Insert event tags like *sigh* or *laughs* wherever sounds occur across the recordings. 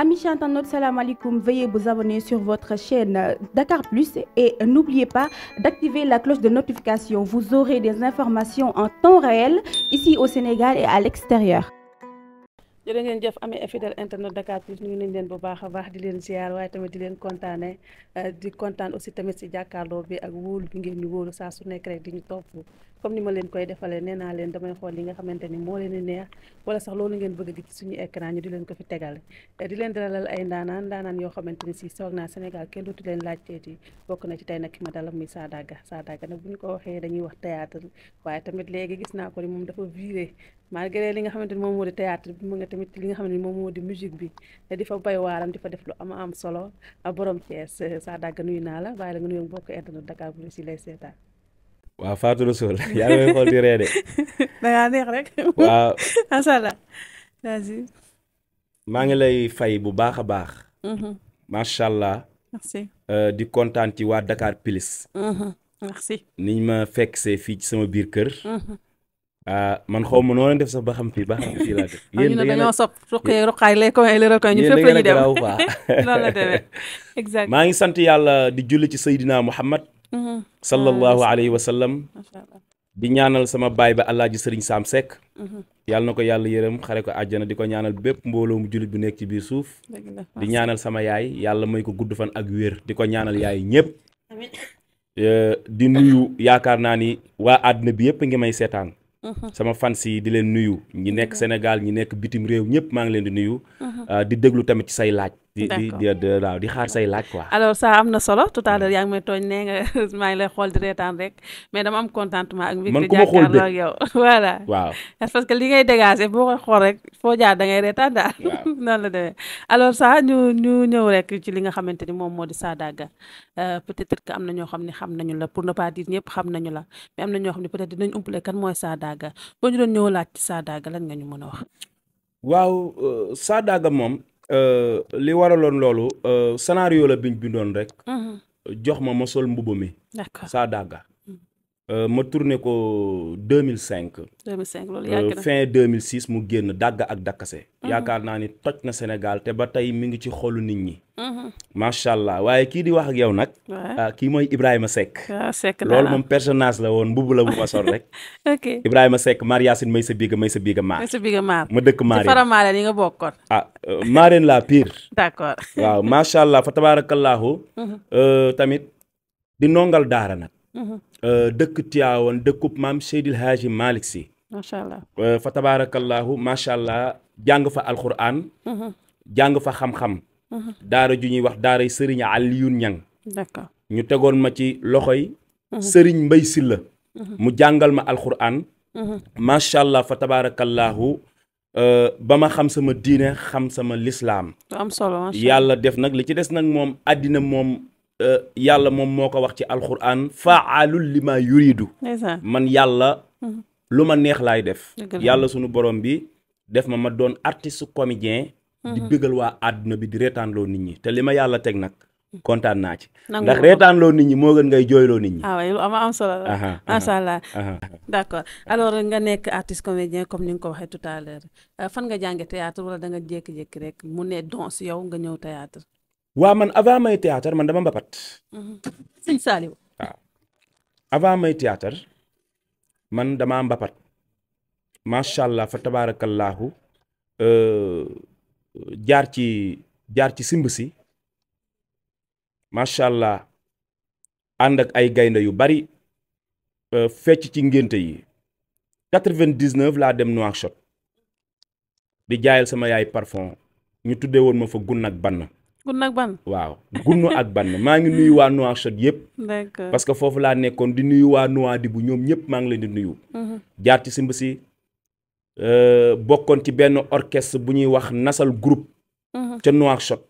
Amis chers internautes, salam alaikum. Veuillez vous abonner sur votre chaîne Dakar Plus et n'oubliez pas d'activer la cloche de notification. Vous aurez des informations en temps réel ici au Sénégal et à l'extérieur. jërë ngeen jëf amee fidèle internet Dakar Plus ñu ngi leen bu baax a baax di leen ziar waaye tamit di leen kontaane di kontaan aussi tamit si jàkkaarloo bi ak wóolu bi ngeen ñu wóolu saa su nekk rek di ñu topp comme ni ma leen koy defale nee naa leen damay xool li nga xamante ni moo leen di neex wala sax loolu ngeen bëgg di ci suñu écran ñu di leen ko eh, ndaanaan ndaanaan yoo xamante ni si soog naa Sénégal kenn dootu leen laaj teeti bokk na ci tey nag ki ma dalal muy Sadaga ko waxee dañuy wax théâtre waaye tamit léegi gis naa ko ni moom dafa viré malgré li nga xamante ni moom moo di théâtre bi mu nga tamit li nga xam ne moom moo di musique bi di fa bay waaram di fa def lu am am solo ah, borom sa Sadaga nuyu naa la bàyyi la nga nuyu mbokk internet Dakar bu si lay seetaan waaw Fatou Rassoul *laughs* yaa ngi may xool ree de. *laughs* da neex rek. waaw *laughs* macha allah. maa ngi lay fay bu baax a baax. Mhm. macha allah. Euh, di kontaan ci waa Dakar Pilis. Mhm. merci. niñ ma fekk see fii ci sama biir kër. Mhm. ah man xaw ma noo def sax ba xam fii ba xam fii laa def. maa ngi sant yàlla di julli ci Seydina Muhammad Mm-hmm. sallallahu ah, alayhi wa sallam di ñaanal sama baay ba alaaji sëriñ Sam Seck mm-hmm. yàlla na ko yàlla yërëm xare ko àjjana di ko ñaanal bépp mbooloo mu jullit bu nekk ci biir suuf di ñaanal sama yaay yàlla may ko gudd fan ak wér di ko ñaanal yaay ñëpp eh, di nuyu yaakaar naa ni waa àdduna bi yëpp ngi may seetaan mm-hmm. sama fans yi di leen nuyu ñi nekk Sénégal ñi nekk bitim réew ñëpp maa ngi leen di nuyu ah, di déglu tamit ci say laaj di di waaw xaar say laaj quoi. alors ça am na solo tout à hmm. l'heure yaa ngi may tooñ nee nga *laughs* maa lay xool di reetaan rek mais dama am contentement ak mbir mi jàkkaarloo ak yow *laughs* waaw parce que li ngay dégager boo koy xool rek foo jaar da ngay reetaan daal *laughs* noonu la demee alors saa ñu ñu ñëw rek ci li nga xamante ni moom moo di Sadaga euh, peut-être que am na ñoo xam ne xam nañu la pour ne pas dire ñëpp xam nañu la mais am na ñoo xam ne peut-être dinañ umpale kan mooy Sadaga boo ñu doon ñëw laaj ci Sadaga lan ñu mën a wax waaw euh, Sadaga Euh, li waraloon loolu euh, scénario la biñ bindoon rek. Mhm. jox ma ma sol mbubb mi. d'accord dàgga Euh, ma tourné ko 2005. 2005 loolu euh, yàgg na fin 2006 mu génn dàgg ak dakkase. Mhm. yaakaar naa ni toj na Sénégal te ba tey mi ngi ci xolu nit ñi. Mhm. macha allah waaye kii di wax ak yow nag. Ah, kii mooy Ibrahima Seck. waaw ah, loolu moom personnage la woon mbubb la bu ma sol rek. *laughs* ok Ibrahima Seck Mar Yacine may sa biiga may sa biiga maar. may ma dëkk Marien. ci faramaare yi nga bokkoon. ah euh, Marien la pire. *laughs* d'accord waaw macha allah fa tabaarakallaahu. Mhm. tamit di nongal daara nag. Mm-hmm. Euh, dëkk Tiwaawan dëkkub maam Seydil Haaji Malick si. macha allah euh, fa tabaarakallaahu macha allah jàng fa alxuraan. Mm-hmm. jàng fa xam-xam. Mm-hmm. daara ju ñuy wax daaray Serigne Alioune Niang. ñu tegoon ma ci loxoy. Serigne Mbaye Sylla. mu jàngal ma alxuraan. macha allah fa tabaarakallaahu euh, ba ma xam sama diine xam sama lislaam. am yàlla def nag li ci des nag moom àddina moom. Euh, yàlla moom moo ko wax ci alquran faalul lima yuridu man yàlla mhm. lu ma neex laay def yàlla sunu borom bi def ma ma doon artiste comédien di mhm. bégal waa àdduna bi di loo nit ñi te li ma yàlla teg nag kontaan naa ci ndax reetaan loo nit ñi moo gën ngay jooyloo nit ñi. ah waaye lu am am solo la. macha allah d' accord nga nekk artiste comédien comme ni nga ko waxee tout euh, fan nga jànge théâtre wala da nga jékki-jékki rek mu ne don si yow nga ñëw théâtre waa man avant may théâtre man dama mbapat. Mhm. sëñ Saliou. avant may théâtre man dama mbapat macha allah fa tabaarakallaahu euh, jaar ci jaar ci simb si macha allah ànd ak ay gaynde yu bari euh, fecc ci ngénte yi 99 laa dem Nouakchott di jaayal sama yaay parfum ñu tuddee woon ma fa gun ak bann gunn ak ban waaw gunn ak ban maa ngi nuyu waa Nouakchott yëpp. d'accord parce que foofu laa nekkoon di nuyu waa Nouadhibou ñoom ñëpp maa ngi leen di nuyu. Mm-hmm. jaar ci simb si euh, bokkoon ci benn orchestre bu ñuy wax Nasal groupe. Mm-hmm. ca Nouakchott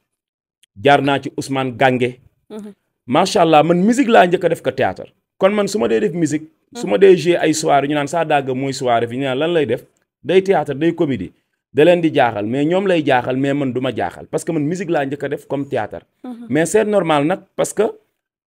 jaar naa ci Ousmane Gange. Mm-hmm. macha allah man musique laa njëkk def ko théâtre kon man su ma dee def musique. su ma dee jouer ay soirée ñu naan saa dàgg mooy soir fi ñu naan lan lay def day théâtre day comédie. da di jaaxal mais ñoom lay jaaxal mais man du ma jaaxal parce que man musique laa njëkk a def comme théâtre mhm. mais c'est normal nag parce que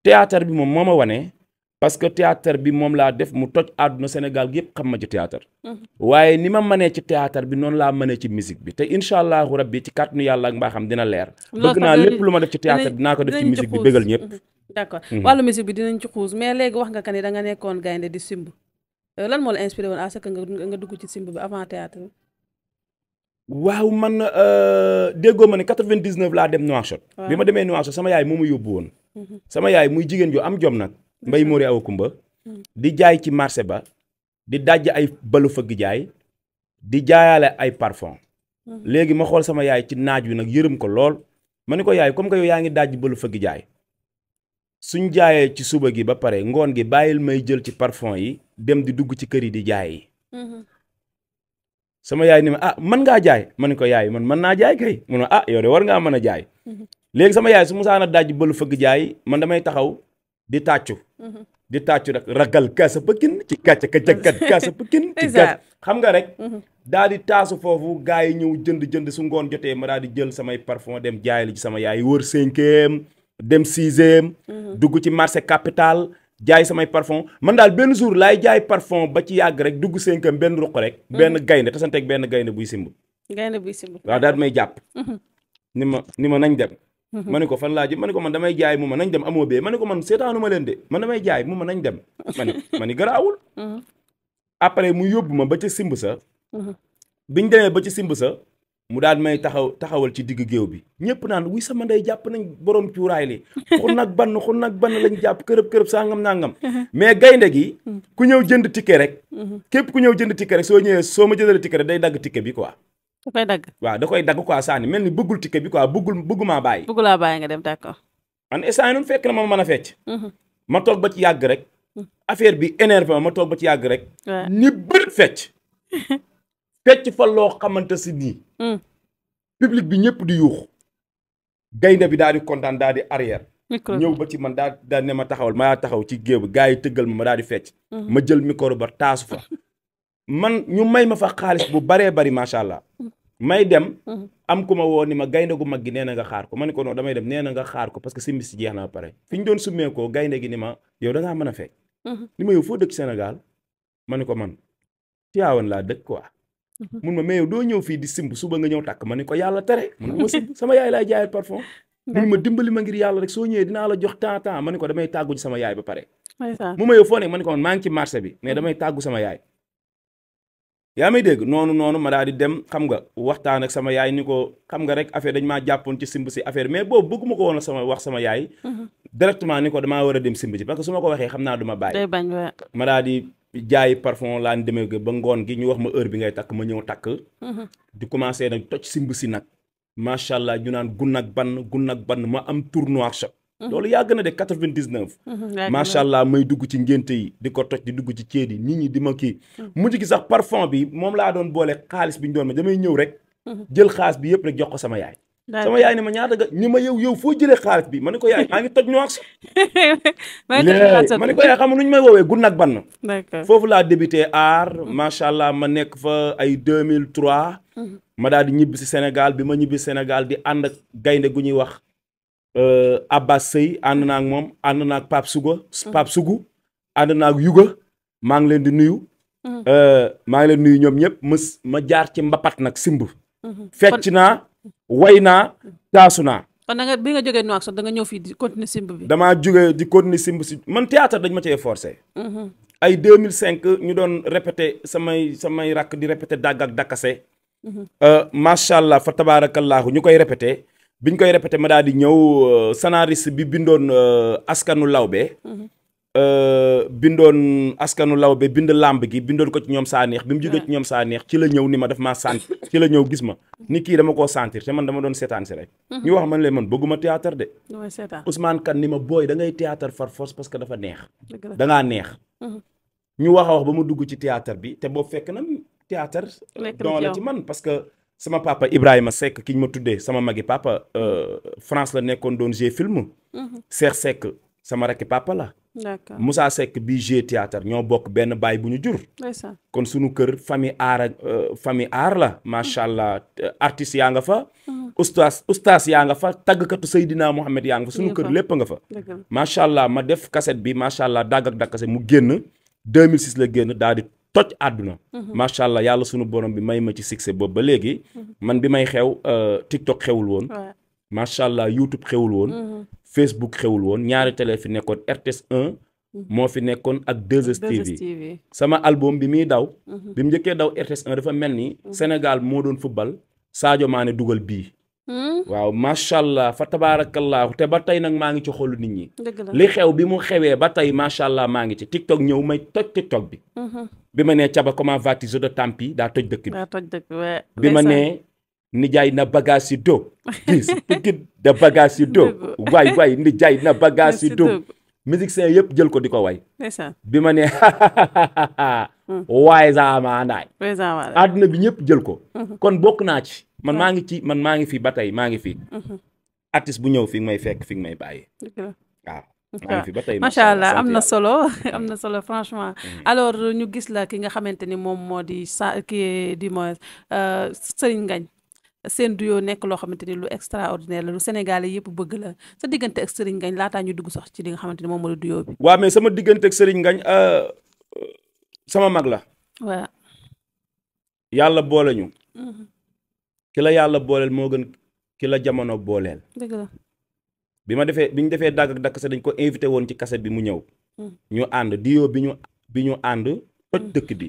bi moom moo ma wane parce que théâtre bi moom laa def mu toj àdduna Sénégal gi yëpp xam ma ci théâtre mhm. waaye ni ma mënee ci théâtre bi noonu laa mënee ci musique bi te incha allahu rabbi ci kàttanu yàlla ak mbaaxam dina leer bëgg naa lépp lu ma def ci théâtre dinaa ko def ci musique bi bégal ñëpp mhm. wàllu musique bi dinañ ci mais léegi wax nga ka ne da nekkoon gaynde di simb euh, lan nga dugg ci simb bi waaw man euh, déggoo ma ne 99 laa dem Nouakchott. bi ma demee Nouakchott sama yaay moo ma yóbbu woon. Mhm. sama yaay muy jigéen ju am jom nag. mbay Mori Awa Kumba mm. di jaay ci marché ba. di dajj ay balu fëgg jaay di jaayaale ay parfum mm. léegi ma xool sama yaay ci naaj wi nag yërëm ko lool ma ni ko yaay comme que yow yaa ngi dajj balu fëgg jaay suñ jaayee ci suba gi ba pare ngoon gi bàyyil may jël ci parfum yi dem di dugg ci kër yi di jaay yi mm-hmm. sama yaay ni ma ah man ngaa jaay man ne ko yaay man man naa jaay kay mu ne ah yow war ngaa a jaay mhm. léegi sama yaay su musaan daaj daj bëlu fëgg jaay man damay taxaw di tàccu mhm. di tàccu rek ragal kaasa pëkkin ci kàcca ka jaggat kaasa pëkin ci kàcc xam nga rek mhm. daal di taasu foofu gars yi ñëw jënd jënd su ngoon jotee ma daal di jël samay parfum dem jaay ci sama yaay wër cinquième dem sixième dugg ci marché capital jaay samay parfum man daal benn jour laay jaay parfum ba ci yàgg rek dugg sénkam benn ruq rek. Mhm. benn gaynde tasanteeg benn gaynde buy simb. gaynde buy simb waaw daal may jàpp. Mhm. ni ma ni ma nañ dem. Mhm. ma ne ko fan laa jëm ma ne ko man damay jaay mu ma nañ dem amoo bee ma ne ko man ma leen de man damay jaay mu ma nañ dem. ma ne ma ni garaawul. après mu yóbbu ma ba ca simb sa. biñ demee ba ci simb sa. mu daal may taxaw taxawal ci digg géew bi ñëpp naan wuy sama ndey jàpp nañ borom cuuraay li xun nag bann xun nag bann lañ jàpp kërëb kërëb sangam nangam *laughs* mais gaynde gi mm-hmm. ku ñëw jënd ticket rek mm-hmm. képp ku ñëw jënd ticket rek soo ñëwee soo ma jëndal ticket rek day dagg ticket bi quoi da koy dagg waaw da koy dagg quoi saani mel ni bëggul ticket bi quoi bëggul bëggumaa bàyyi bëggulaa bàyyi nga dem d'accord man instant nun fekk na ma mën a fecc mm-hmm. ma toog ba ci yàgg rek mm. affaire bi énervé ma toog ba ci yàgg rek ni bër *laughs* fecc fa loo xamante si nii. Mm. public bi ñëpp di yuux. gaynde bi daa di kontaan daal di arrière. ñëw ba ci man daal daal ne ma taxawal ma taxaw ci géew bi gars yi tëggal ma ma daal di fecc. Mm-hmm. ma jël micro ba taasu fa. *laughs* man ñu may ma fa xaalis bu baree bari macha allah. Mm. may dem. Mm-hmm. am ku ma woon ni ma gaynde gu mag gi nee na nga xaar ko ma ne ko non damay dem nee na nga xaar ko parce que simbis si jeex na pare. fi ñu doon summee koo gaynde gi ni ma yow da ngaa a fecc. Mm-hmm. ni ma yow foo dëkk Sénégal ma ne ko man Tivaouane laa dëkk quoi. Mhm. mun ma mais yow doo ñëw fii di simb suba nga ñëw takk ma ni ko yàlla tere mun ma simb sama ma dimbali ma ngir yàlla rek soo ñëwee dinaa la jox temps ma ni ko damay tàggu sama yaay ba pare mu ma ma ni ko man maa ngi yaa may dégg noonu noonu ma daal di dem xam nga waxtaan ak sama yaay ni ko xam nga rek affaire dañ maa jàppoon ci simb si affaire mais boobu bëgguma ko woon sama wax sama yaay mhm. directement ni ko damaa war a dem simb si parce que su ma ko waxee xam naa du ma bàyyi ma daal di jaay parfum laa demee ba ngoon gi ñu wax ma heure bi ngay takk ma ñëw takk. Mhm. di commencé nag toj simb si nag. macha allah ñu naan gun ak ban gun ak ban ma am tournoi shop. Mhm. loolu yaa gën a de 99. Mhm, macha allah may dugg ci ngénte yi di ko toj di dugg ci ceet yi nit ñi di ma ki mujj gi sax parfum bi moom laa doon boole xaalis bi ñu doon ma damay ñëw rek. jël xaalis bi yëpp rek jox ko sama yaay. sama yaay ne ma ñaata ga ni ma yow yow foo jëlee xaalis bi ma ne ko yaay maa ngi toj ñoo si. *laughs* ma ne ko yaay xam nu ñu may woowee gun ak bann foofu laa débuté aar macha allah ma nekk fa ay 2003. Mhm. ma daal di ñibbi si Sénégal bi ma ñibbi senegal di ànd ak gaynde gu ñuy wax euh, Abbas Sey ànd naa ak moom ànd naa ak Pape Suga mhm. Pape Sugu ànd naa ak Yuga maa ngi leen di nuyu. Mhm. Euh, maa ngi leen nuyu ñoom ñëpp ma ma jaar ci mbapat nag simb. fecc naa. way naa taasu naa. kon nga bi nga jógee Nouakchott da nga ñëw fii di continuer simb bi. damaa jógee di continuer simb si man théâtre dañ ma cee forcé. Mhm. ay mille cinq ñu doon répété samay samay rakk di répété dagg ak dakkase. Mhm. Euh, macha allah fa tabaarakallaahu ñu koy répété. ñu koy répété ma daal di ñëw euh, scénariste bi bindoon euh, askanu lawbe. Mhm. Euh, bindoon askanu law be bind làmb gi bindoon ko ci ñoom saa neex bi mu jógee ci ñoom saa neex ci la ñëw ni ma daf maa sant ci la ñëw gis ma ni kii dama koo sentir te man dama doon seetaan si rek mhm. ñu wax man leen man bëgguma théâtre de Ousmane Kane ni ma booy da ngay théâtre parce que dafa neex da neex mhm. ñu wax a wax ba mu dugg ci théâtre bi te boobu fekk na théâtre euh, don la ci man parce que sama papa Ibrahima sekk ki ñu ma tuddee sama magi papa euh, France la nekkoon doon jeu film mhm. Cheikh sekk sama rakki papa la d'accord Moussa Seck bii G théâtre ñoo bokk benn baay bu ñu jur. kon sunu kër famille aar euh, famille aar la macha allah artistes yaa nga fa. Mhm. ustaas ustaas yaa nga fa tàggkatu Seydina Mohamed yaa nga fa sunu kër lépp nga fa. macha allah ma def cassette bi macha allah dagg ak dakkase mu génn 2006 la génn daal di toj àdduna. Mhm. macha allah yàlla sunu borom bi may ma ci succès bopp ba léegi. Mhm. man bi may xew euh, TikTok xewul woon. macha allah YouTube xewul woon. Facebook xewul woon ñaari télé fi nekkoon RTS 1 mhm. moo fi nekkoon ak 2STV sama album bi muy daw mhm. bi mu njëkkee daw RTS 1 dafa mel ni mhm. Sénégal moo doon football maa ne dugal bii hmm? waaw macha allah fa tabaarakallaahu te ba tey nag maa ngi ci xolu nit ñi li xew bi mu xewee ba tey macha allah maa ngi ci tiktok ñëw may toj tiktok bi bi ma nee caba comment vas de tampi daa toj dëkk bi bi ma nee nijaay na bagage yi do bis *laughs* Pikine na bagage yi do waay waay nijaay na bagage yi do musiciens yëpp jël ko di ko way bi ma ne *laughs* waaye zaamaandaay àdduna bi ñëpp jël ko mhm. kon bokk naa ci man maa ngi ci man maa ngi fi ba tey maa ngi fi mhm. artiste bu ñëw fi may fekk fi may bàyyi waaw macha allah am na solo *laughs* am na solo franchement mhm. alors ñu gis la ki nga xamante ni moom moo di sa ki di euh, seen duyoo nekk loo xamante ni lu extraordinaire la lu sénégalais yëpp bëgg la sa diggante ak Serigne Ngagne laataa ñu dugg sax ci li nga xamante ni moom mooy duyoo bi. waaw mais sama diggante ak Serigne Ngagne euh, sama mag la. waaw. yàlla boole ñu. Mm-hmm. ki yàlla booleel moo gën ki la jamono booleel. bi ma defee bi ñu defee dàgg ak dàkk sa dañ ko invité woon ci kase bi mu ñëw. Mm. ñu ànd duyoo bi ñu bi ñu ànd mm. dëkk bi.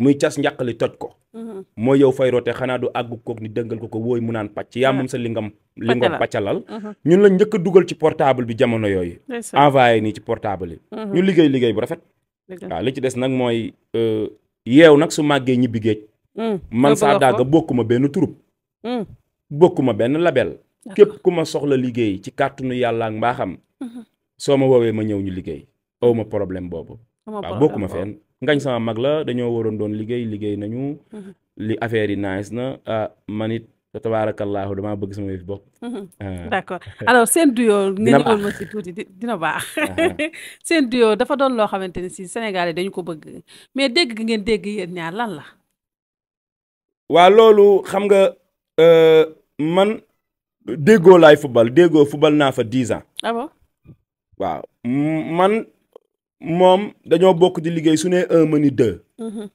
muy cas njàqali toj ko mhm. mooy yow fay roote xanaa du àggu koog ni dëngal ko ko wooy mu naan pàcc yaa ah. moom sa lingam lingam pàccalal mhm. ñun lañ njëkk dugal ci portable bi jamono yooyu envoyé nii ci portable yi mhm. ñu liggéey liggéey bu rafet waaw li ci des nag mooy euh, yeew nag su màggee ñibbi géej mm. man saa daaga bokkuma benn turub mm. bokkuma benn label képp ku ma soxla liggéey ci kàttanu yàlla mbaaxam soo ma woowee ma ñëw ñu liggéey awma problème boobu waaw ngañ sama mag la dañoo waroon doon liggéey liggéey nañu. Mhm. li affaire yi nice na ah man it tabaarakallaahu damaa bëgg sama yëf bopp. Mhm. Ah. d'accord alors seen duo. *laughs* dina baax ngeen ma si tuuti dina baax. seen duo dafa doon loo xamante ne si Sénégal dañu ko bëgg mais dégg gi ngeen dégg yéen ñaar lan la. waa loolu xam nga euh, man déggoo laay football déggoo football naa fa dix ans. ah bon waaw man. moom dañoo bokk di liggéey su nee un ma ni deux. Mm-hmm.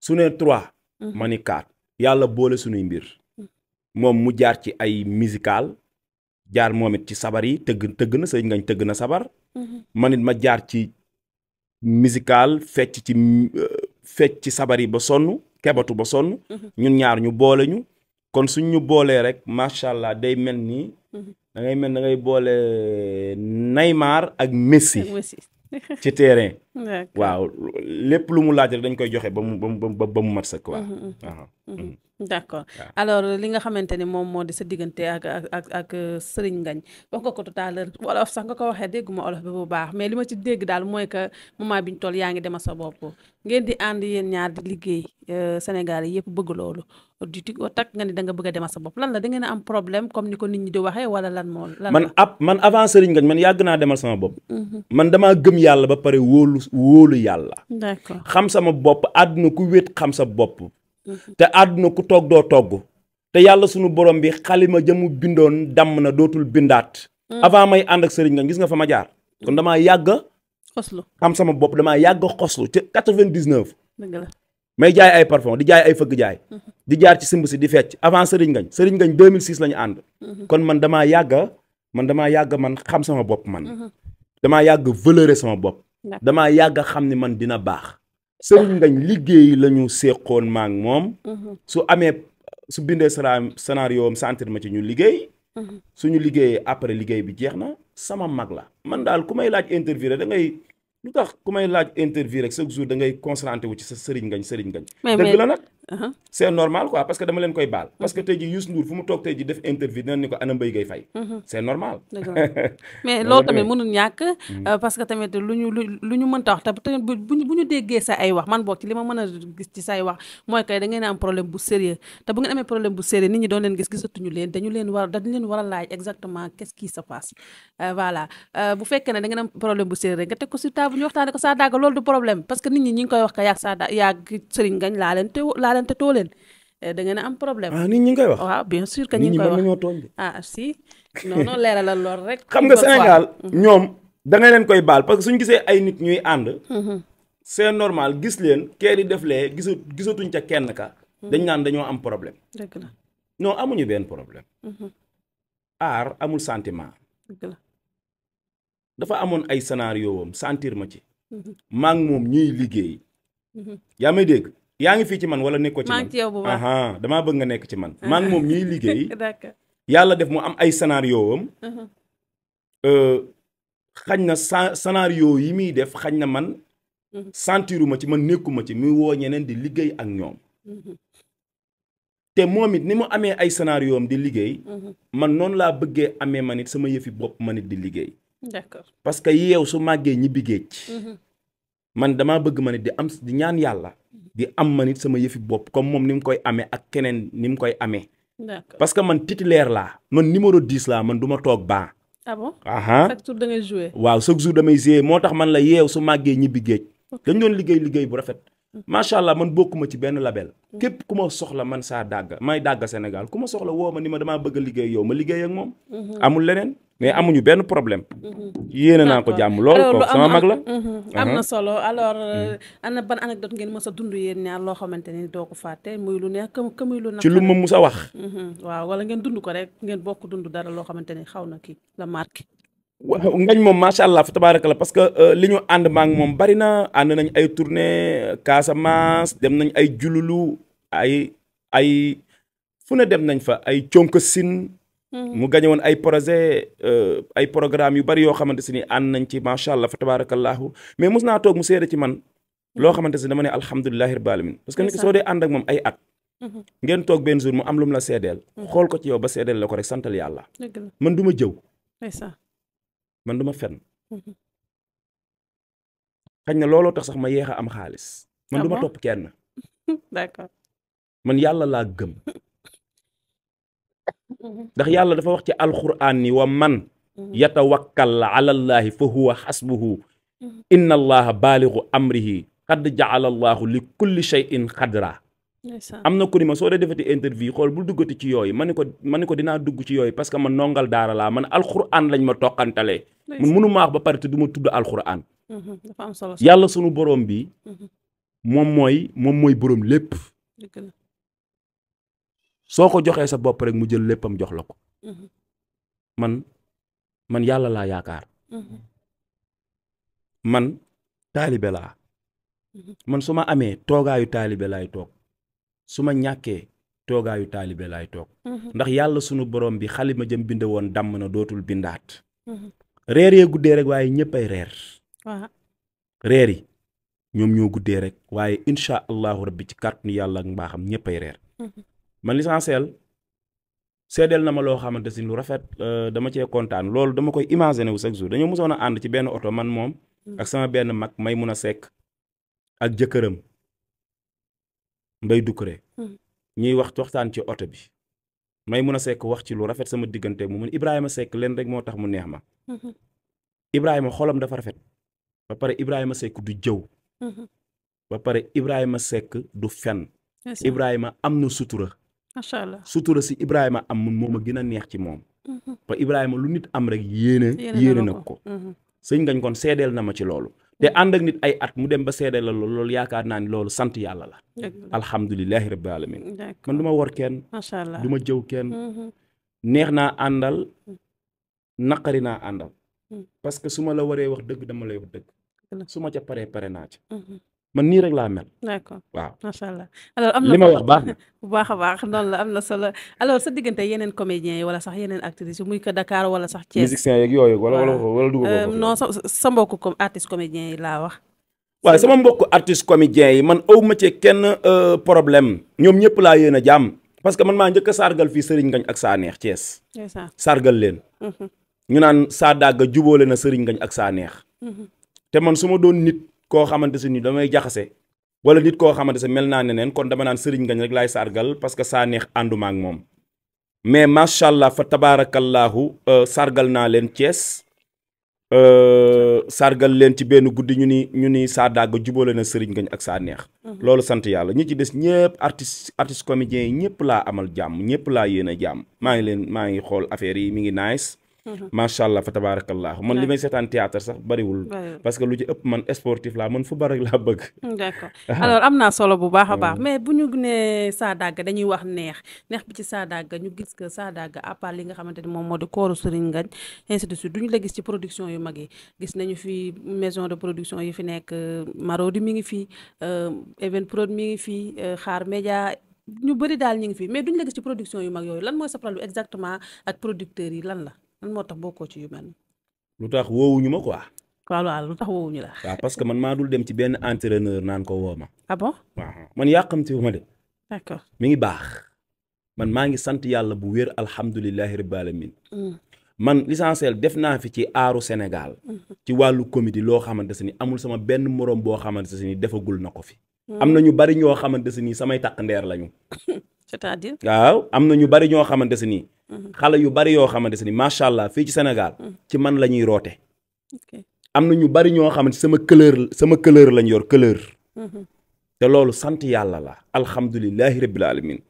su nee trois. Mm-hmm. ma ni quatre. yàlla boole suñuy mbir. Mm-hmm. moom mu jaar ci ay musical jaar moom it ci sabar yi tëgg tëgg na sëñ ngañ tëgg na sabar. man it ma jaar ci musical fecc ci euh, fecc ci sabar yi ba sonn kebatu ba sonn. ñun ñaar ñu boole ñu. kon suñ ñu boolee rek macha allah day mel nii da ngay mel da ngay boole Neymar ak Messi. ci terrain. waaw lépp lu mu laaj rek dañ koy joxe ba mu ba mu ba mu mat sëkk waaw. Mm-hmm. Uh-huh. Mm-hmm. Mm-hmm. d' accord alors li nga xamante ni moom moo di sa diggante ak ak ak euh, Serigne Ngagne nga ko tout à l'heure sax nga ko waxee dégguma olof bi bu baax mais li ma ci dégg daal mooy que moment bi ñu toll yaa ngi dema sa bopp ngeen di ànd yéen ñaar di liggéey euh, Sénégal yi yëpp bëgg loolu du ti takk nga ni da nga bëgg a dema sa bopp lan la da ngeen am problème comme ni ko nit ñi di waxee wala lan moo lan man ab man avant Serigne Ngagne man yàgg naa demal sama bopp mhm. man damaa gëm yàlla ba pare wóolu wóolu yàlla d'accord xam sama bopp àdduna ku wéet xam sa bopp Mm-hmm. te àdduna ku toog doo togg te yàlla sunu borom bi xalima jëmu bindoon dàmm na dootul bindaat mm. avant may ànd ak sëriñ nga gis nga fa ma jaar kon damaa yàgg xoslu xam sama bopp damaa yàgg xoslu ca quatre-vingt-dix-neuf may jaay ay parfum di jaay ay fëgg jaay mm-hmm. di jaar ci simb si di fecc avant sëriñ ngañ sëriñ ngañ 2006 la ñu ànd mm-hmm. kon man damaa yàgg man damaa yàgg man xam sama bopp man damaa yàgg valeuré sama bopp damaa yàgg xam ni man dina baax sëriñ ngañ liggéey la ñu seqoon maa moom. Mhm. su amee su bindee scénario am sentir ma ci ñu liggéey. Mhm. suñu liggéeyee après liggéey bi jeex na sama mag la. man daal ku may laaj interview rek da ngay lu tax ku may laaj interview rek chaque jour da ngay concentré wu ci sa sëriñ ngañ sëriñ ngañ. dëgg la nag Uh-huh. c'est normal quoi parce que dama leen koy baal. parce que tey jii Youssou Ndour fu mu toog tey jii def interview dinañ ni ko ana Mbaye Gueye Faye. Uh-huh. c'est normal. *laughs* mais loolu tamit mënul ñàkk. Euh, mm-hmm. ma gis ci say wax mooy kay da am problème bu sérieux te bu ngeen amee problème bu sérieux nit ñi doon leen gis gisatuñu leen dañu leen war dañu leen war a exactement quest qui se passe euh, voilà euh, bu fekkee ne da am problème bu sérieux nga teg ko sur table ñu waxtaane ko saa baalante too leen eh, da ngeen am problème. ah nit ñi ngi koy wax. waaw que ñi ngi koy wax nit ñi tooñ. ah si non non leeralal lool rek. xam nga Sénégal mm-hmm. ñoom da nga leen koy baal parce que suñu gisee ay nit ñuy ànd. Mm-hmm. seen normal gis leen kee di def lee gisa gisatuñ ca kenn ka. Mm-hmm. dañ naan dañoo am problème. dëgg la non amuñu benn problème. aar amul sentiment. dafa amoon ay scénario wam sentir ma ci. maa ngi moom ñuy liggéey. yaa may dégg. yaa ngi fii ci man wala nekkoo ci man aha damaa bëgg nga nekk ci man maa ngi moom ñuy liggéey *laughs* yàlla def mu am ay scénario am uh-huh. euh, xañ na scénario yi muy def xañ na man uh-huh. sentiruma ci man nekkuma ci muy woo ñeneen di liggéey ak ñoom uh-huh. te moom it ni mu amee ay scénario am di liggéey man noonu laa bëggee amee ma it sama yëfi bopp man it di liggéey d'accord yeew su màggee ñibbi géej man damaa bëgg ma nit di am di ñaan yàlla di am ma nit sama yëfi bopp comme moom ni mu koy amee ak keneen ni mu koy amee. d'accord que man titulaire laa man numéro 10 laa man duma toog baa ah chaque jour da ngay jouer waaw chaque jour damay jouer moo tax man la yeew su màggee ñibbi géej. dañ doon liggéey liggéey bu rafet. macha allah man bokkuma ci benn label. képp ku ma soxla man saa dàgg may dàgg senegal ku ma soxla woo ma ni ma damaa bëgg a liggéey yow ma liggéey ak moom. Mhm. amul leneen mais amuñu benn problème. Mhm. yéene naa ko jàmm mag la. Mhm. Uh-huh. solo alors euh, ana ban anecdote ngeen mës a dund yéen ñaar loo xamante ni doo ko fàtte muy lu neex ka muy lu. ci lu ma mus a wax. waaw wala ngeen dund ko rek ngeen bokk dund dara loo xamante ni xaw na kii la marqué. waaw ngañ moom macha allah fa tabaaraka la parce que euh, li ñu ànd maa moom bari na ànd nañ ay tournée Casamance dem nañ ay jululu ay ay fu ne dem nañ fa ay conk sin mm-hmm. mu gañe ay projet euh, ay programme yu bari yoo xamante si ni ànd nañ ci macha allah fa tabaarakallahu mais mus naa toog mu seede ci man loo xamante si dama ne alhamdulilahi rabbil alamin parce que nit ki soo dee ànd ak moom ay at mm-hmm. ngeen toog benn jour mu am lu mu la seedeel mm-hmm. xool ko ci yow ba seedeel la ko rek santal yàlla man du man du ma fen mm-hmm. xañ na looloo tax sax ma yeex a am xaalis man ah du ma topp kenn *laughs* man yàlla laa gëm mm-hmm. ndax yàlla dafa wax ci alxuraan ni wa man mm-hmm. yatawakkal ala llaahi fa huwa xasbuhu inna allaha baaligu amrihi qad jaala allahu li kulli shay'in am na ku ni ma soo dee defati interview xool bul duggati ci yooyu ma ni ko ma ni ko dinaa dugg ci yooyu parce que man nongal daara laa man alxuraan lañ ma toqantalee man mënu ma ba pare du ma tudd alxuraan mhm, dafa am yàlla sunu borom bi mhm. moom mooy moom mooy borom lépp ko joxee sa bopp rek mu jël léppam jox la ko mhm. man man yàlla laa yaakaar man taalibe laa man su ma amee toogaayu taalibe laay toog su ma ñàkkee toogaayu taalibe laay toog mhm. ndax yàlla sunu borom bi ma jëm bind woon dàmm na dootul bindaat mhm. reer yee guddee rek waaye ñëpp ay reer reer yi ñoom ñoo guddee rek waaye incha allahu rabbi ci kàttanu yàlla ak mbaaxam ñëpp ay reer mhm. man l'essentiel seedeel na ma loo xamante si lu rafet euh, dama cee kontaan loolu dama koy imaginer wu chaque jour dañoo mosoon a ànd ci benn oto man moom ak sama benn mag may mun a sekk ak jëkkëram Mbay Dukkure hmm. ñuy wax waxtaan ci oto bi may mun a sekk wax ci lu rafet sama diggante mu mun Ibrahima Seck leen rek moo tax mu neex ma hmm. Ibrahima xolam dafa rafet ba pare Ibrahima Seck du jëw hmm. ba pare Ibrahima Seck du fen Ibrahima am na sutura macha allah sutura si Ibrahima am mun moom a gën a neex ci moom ba Ibrahima lu nit am rek yéene yéene nag ko sëñ ngañ kon seedeel na ma ci loolu te ànd ak nit ay at mu dem ba seede la loolu loolu yaakaar naa ni loolu sant yàlla la alhamdulilahi rabbil alamin man du ma wor kenn macha allah ma jëw kenn mm-hmm. neex naa àndal mm. naqari naa àndal mm. parce que su ma la waree wax dëgg dama lay wax dëgg su ma ca paree pare naa ca mm-hmm. man nii rek laa mel. li ma wax baax na. bu *laughs* baax a baax noonu la am na solo alors sa diggante yeneen comédiens yi wala sax yeneen actrices yi muy que Dakar wala sax. Thiès musiciens yeeg yooyu wala wala wala dugg euh, non sa sa mbokku comme artiste comédiens yi laa wax. waaw sama mbokku artiste yi man aw ma ci kenn euh, problème ñoom ñëpp laa yéen a jàmm parce que man maa njëkk a fii Serigne Ngañ ak saa neex Thiès. sargal leen. Mhm. ñu naan saa dàgg jubóole na Serigne Ngañ ak saa neex. Mhm. te man su ma doon nit. koo xamante si nii damay jaxase wala nit koo xamante si mel naa ne neen kon dama naan sëriñ ngañ rek laay sargal parce que saa neex ànduma moom mais macha allah fa tabaarakallaahu euh, sargal naa leen Thiès euh, sargal leen ci benn guddi ñu ni ñu ni saa dàgg jubóole na sëriñ ngañ ak saa neex. Mhm. loolu sant yàlla ñu ci des ñëpp artiste artiste comédien yi ñëpp laa amal jàmm ñëpp laa yéene jàmm maa ngi leen maa ngi xool affaire yi mi ngi nice Mhm. macha allah fa tabaarakallah man li may seetaan théâtre sax bariwul parce que lu ci ëpp man sportif laa man football rek laa bëgg mm, d'accord *laughs* am naa solo bu baax a baax mm. mais bu ñu nee Sadaga dañuy wax neex neex bi ci saa Sadaga ñu gis que Sadaga à part li nga xamante ni moom moo di kooru Serigne Ngagne ainsi de suite duñu la gis ci production yu mag yi gis nañu fi maison de production yi fi nekk euh, Marodi mi ngi fi euh, Even Prod mi ngi fi euh, Xaar Média ñu bëri daal ñu ngi fi mais duñu la gis ci production yu mag yooyu lan mooy sa problème exactement ak yi lan la lan moo tax bokkoo ci yu mel lu tax woowuñu ma ko waaw waaw lu tax woowuñu la. waaw parce que man maa dul dem ci benn entraîneur naan ko woo ma. ah bon man yàqamti wu ma de. d'accord mi ngi baax. man maa ngi sant yàlla bu wér alhamdulilahi rabbil alamin mm. man l'essentiel def naa fi ci aaru Sénégal. Mm. ci wàllu comédie loo xamante ne amul sama benn moroom boo xamante nii defagul na ko fi. Mm. am na ñu bari ñoo xamante nii samay takk ndeer lañu. *laughs* c'est-à-dire waaw am na ñu bari ñoo xamante se nii mhm. xale yu bari yoo xamante se nii macha allah fii ci Sénégal mhm. ci man la ñuy roote am na ñu bari ñoo xamante sama couleur sama couleur lañ yor couleur mhm. te loolu sant yàlla la alhamdulilahi rabbil alamin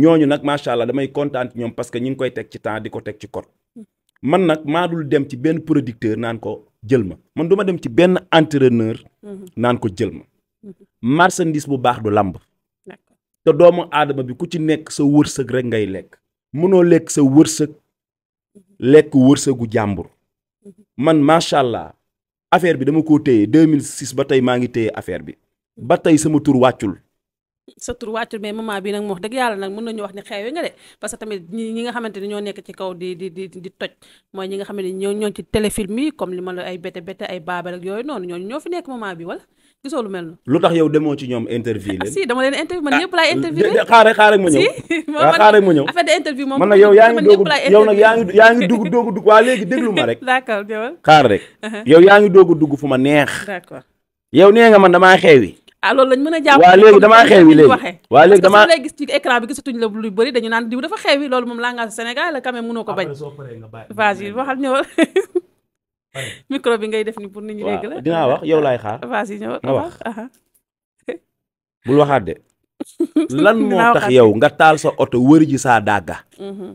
ñooñu nag macha allah damay kontaan ñoom parce que ñu ngi koy teg ci temps di ko teg ci code man nag maa dul dem ci benn producteur naan ko jël ma man du ma dem ci benn entraîneur naan ko jël ma marchandise bu baax du làmb te doomu aadama bi ku ci nekk sa wërsëg rek ngay lekk mënoo lekk sa wërsëg lekk wërsëgu jàmbur man macha allah affaire bi dama ko téye 2006 ba tey maa ngi téye affaire bi ba tey sama tur wàccul. sa tur wàccul mais moment bi nag moo wax dëgg yàlla nag mën nañu wax ni xeewe nga de parce tamit ñi nga xamante ni ñoo nekk ci kaw di di di di toj mooy ñi nga xam ne ñoo ñoo ci téléfilm yi comme li ma la ay bete bete ay baabal yooyu noonu ñooñu ñoo fi nekk moment bi wala. gisoo lu mel na lu tax yow demoo ci ñoom interview leen ah, si dama leen interview man ah, ñëpp laay interview xaaral ma ñëw waaw *laughs* *laughs* ah, xaaral ma moom man nag yow yaa ngi yow nag yaa ngi yaa ngi dugg doog dugg waa léegi déglu ma rek *laughs* d'accord jëwal xaar rek uh-huh. yow yaa ngi doog dugg fu ma neex d'accord yow nee nga man damaa xeewi ah a jàpp waa léegi damaa xeewi léegi waa léegi damaa lay gis ci écran bi gisatuñ la lu bëri naan diw dafa xeewi loolu moom langage Sénégal la quand ko bañ vas-y waxal ñëwal *laughs* micro bi ngay def ni pour nit ñu dégg la dinaa wax yow laay xaar. *laughs* vas-y ñëw wax *laughs* bul waxaat de. lan moo tax yow nga taal sa oto wër ji saa dàgga. Mhm.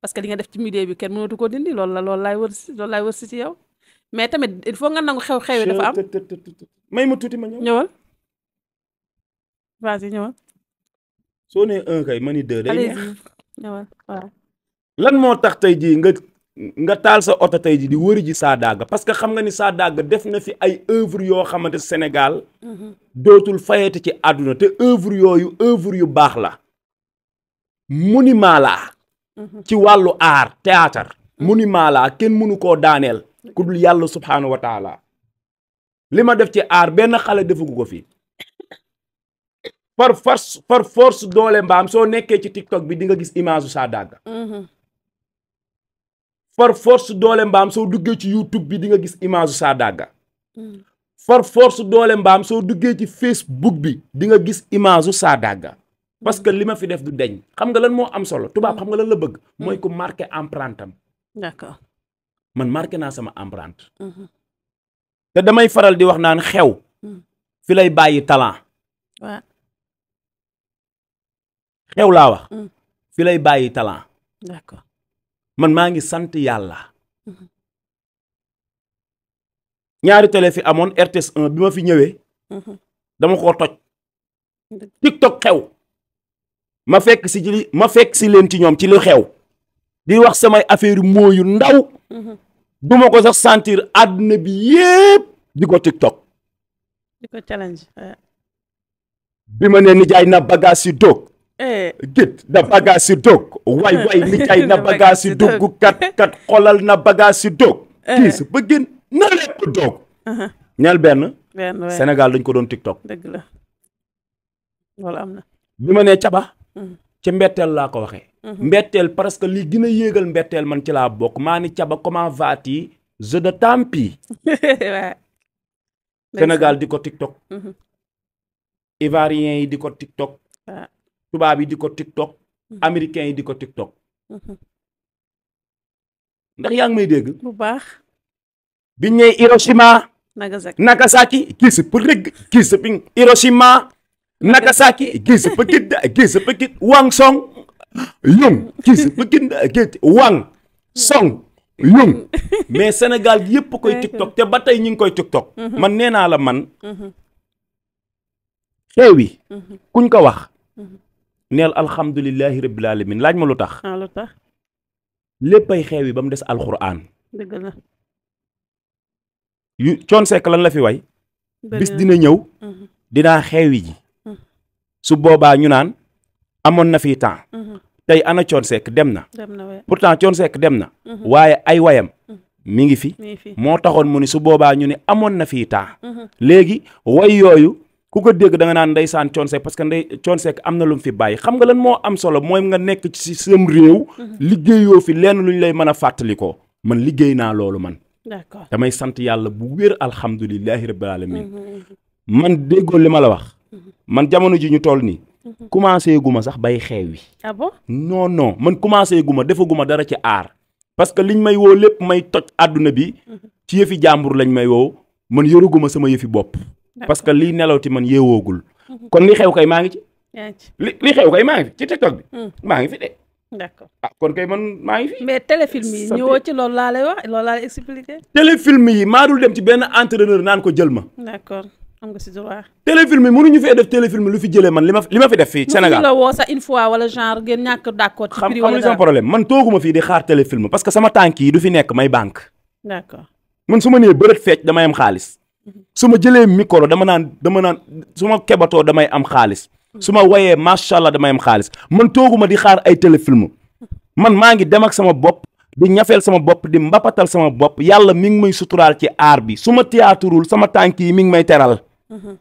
parce que li nga def ci milieu bi kenn mënatu ko dindi loolu la loolu laay wër si loolu laay wër si ci yow. mais tamit il faut nga nangu xew-xew yi dafa am may ma tuuti ma ñëw. ñëwal vas-y ñëwal. soo nee un kay ma ni day neex. ñëwal waaw. lan moo tax tey jii nga. nga taal sa oto tey ji di wëri ji Sadaga parce que xam nga ni Sadaga def na fi ay œuvre yoo xamante senegal mm-hmm. dootul fayete ci àdduna te œuvre yooyu œuvre yu baax la monument la mm-hmm. ci wàllu art théâtre mm-hmm. monument la kenn mënu koo daaneel ku dul yàlla subhaanahu wa li ma def ci art benn xale defagu ko fi par force par force doole mbaam soo nekkee ci TikTok bi di nga gis image u Sadaga par force doole mbaam soo duggee ci YouTube bi dinga nga gis image Sadaga par mm. force doole mbaam soo duggee ci Facebook bi di nga gis image Sadaga parce que mm. li ma fi def du deñ xam nga lan moo am solo tubaab mm. xam nga lan la bëgg mooy ko marqué empreinte am man marqué naa sama empreinte mm-hmm. te damay faral di wax naan xew fi lay bàyyi talent xew laa wax fi lay bàyyi talent man maa ngi sant yàlla mhm. ñaari télé fi amoon RTS bi ma fi ñëwee. Mhm. dama ko toj. TikTok xew. ma fekk si ci ma fekk si leen ci ñoom ci lu xew. di wax samay affaire moo yu ndaw. Mhm. du ma ko sax sentir àdduna bi yépp di ko TikTok. di ko challenge. bi ma nee nijaay na bagaas yu doog. Eh. git na bagage si dog waay waay nijaay eh. *laughs* na bagage si dog kat kat xolal na bagage si dog eh. kiis ba gën na lépp dog uh-huh. ñeel benn Sénégal dañ ko doon TikTok dëgg na bi ma ne caba mm-hmm. ci mbetteel laa ko waxe mm-hmm. mbetteel parce que li gën yéegal mbetteel man ci laa bokk maa ni caba comment vas-tu je de tampi *laughs* Sénégal di ko TikTok mm-hmm. ivoiriens yi di ko TikTok tubaab yi di ko tiktok hmm. américains yi di ko tiktok hmm. ndax yaa ngi may dégg. bu baax. biñ ñëw Hiroshima. Nagasaki Nagasaki gis përëg gis ping Hiroshima. Nagasaki gis pëkit gis pëkit Wang Song Yung gis pëkit gis Wang Song Yung hmm. mais senegal yépp koy *laughs* tiktok te ba tey ñu ngi koy tiktok. man nee naa la man. xeewi kuñ ko wax. neel alhamdulilahi rabbil alamin laaj ma lu tax. Ah, lu tax. léppay xeew yi ba mu des alxuraan. yu coon sekk lan la fi way. bis dina ñëw. Mhm. dinaa xeewi ji. Mhm. su boobaa ñu naan amoon na fi temps. Mhm. tey ana coon sekk dem na. pourtant coon sekk dem na. waaye ay wayam. mu ngi fi. moo taxoon mu ni su boobaa ñu ne amoon na fi temps. léegi way yooyu. ku ko dégg da nga naan ndeysaan Thione Seck parce que ndey Thione Seck am na lu mu fi bàyyi xam nga lan moo am solo mooy nga nekk ci sam réew. Mhm. liggéeyoo fi lenn lu ñu lay mën a fàttali ko man liggéey naa loolu man. d'accord sant yàlla bu wér alhamdulilahi rabbil alamin mhm, mhm, man déggoo li ma la wax. man jamono ji ñu tool nii. commencé guma sax bay xeew wi. ah bon non non man commencé guma defaguma dara ci aar. parce que ñu may woo lépp may toj àdduna bi. ci yëfi jàmbur lañ may wow man yoruguma sama yëfi bopp. parce que lii nelaw ti man yeewoogul. kon li xew kay maa ngi ci. li li xew kay maa ngi fi ci TikTok bi. Hmm. maa ngi fi de. d'accord ah kon kay man maa ngi mais téléfilm yi ñëwoo ci loolu laa wax loolu laa lay expliqué. téléfilm yi maa dul dem ci benn entraîneur naan ko jël ma. d'accord am nga si droit. téléfilm yi mënuñu fee def téléfilm lu fi jëlee man li ma li ma fi def fii Sénégal la woo sa une fois wala genre ngeen ñàkk d'accord. ci prix wala problème man tooguma fii di xaar téléfilm parce que sama tànk yi du fi nekk may bank man su ma nee bërët fecc dama am xaalis su ma jëlee micro dama naan dama naan su ma kebatoo damay am xaalis su ma wayee macha allah damay am xaalis man tooguma di xaar ay téléfilm man maa ngi dem ak sama bopp di ñafeel sama bopp di mbapatal sama bopp yàlla mi ngi may suturaal ci aar bi su ma théâtreul sama tànk yi mi ngi may teral mhm.